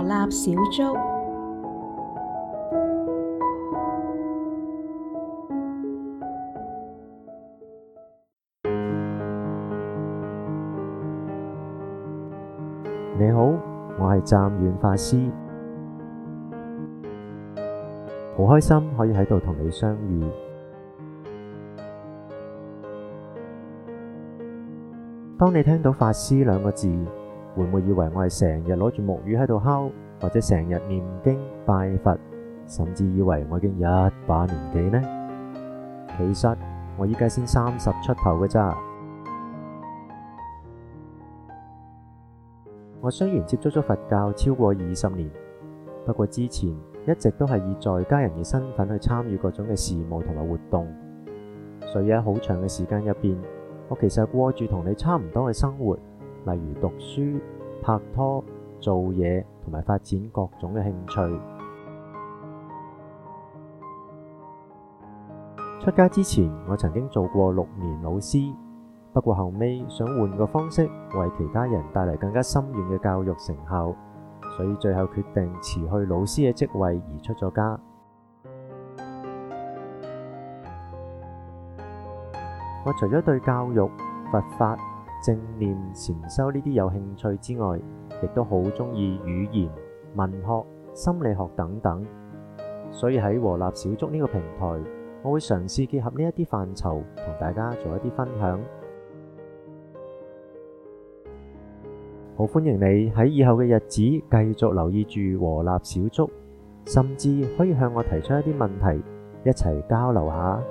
和立小築，你好，我係湛遠法師，好開心可以喺度同你相遇。當你聽到法師兩個字，會唔會以為我係成日攞住木魚喺度敲，或者成日念經拜佛，甚至以為我已經一把年紀呢？其實我依家先三十出頭嘅咋。我雖然接觸咗佛教超過二十年，不過之前一直都係以在家人嘅身份去參與各種嘅事務同埋活動，所以喺好長嘅時間入邊，我其實過住同你差唔多嘅生活。例如讀書、拍拖、做嘢同埋發展各種嘅興趣。出家之前，我曾經做過六年老師，不過後尾想換個方式為其他人帶嚟更加深遠嘅教育成效，所以最後決定辭去老師嘅職位而出咗家。我除咗對教育、佛法、正念禪修呢啲有興趣之外，亦都好中意語言、文學、心理學等等，所以喺和立小築呢個平台，我會嘗試結合呢一啲範疇同大家做一啲分享。好，歡迎你喺以後嘅日子繼續留意住和立小築，甚至可以向我提出一啲問題，一齊交流一下。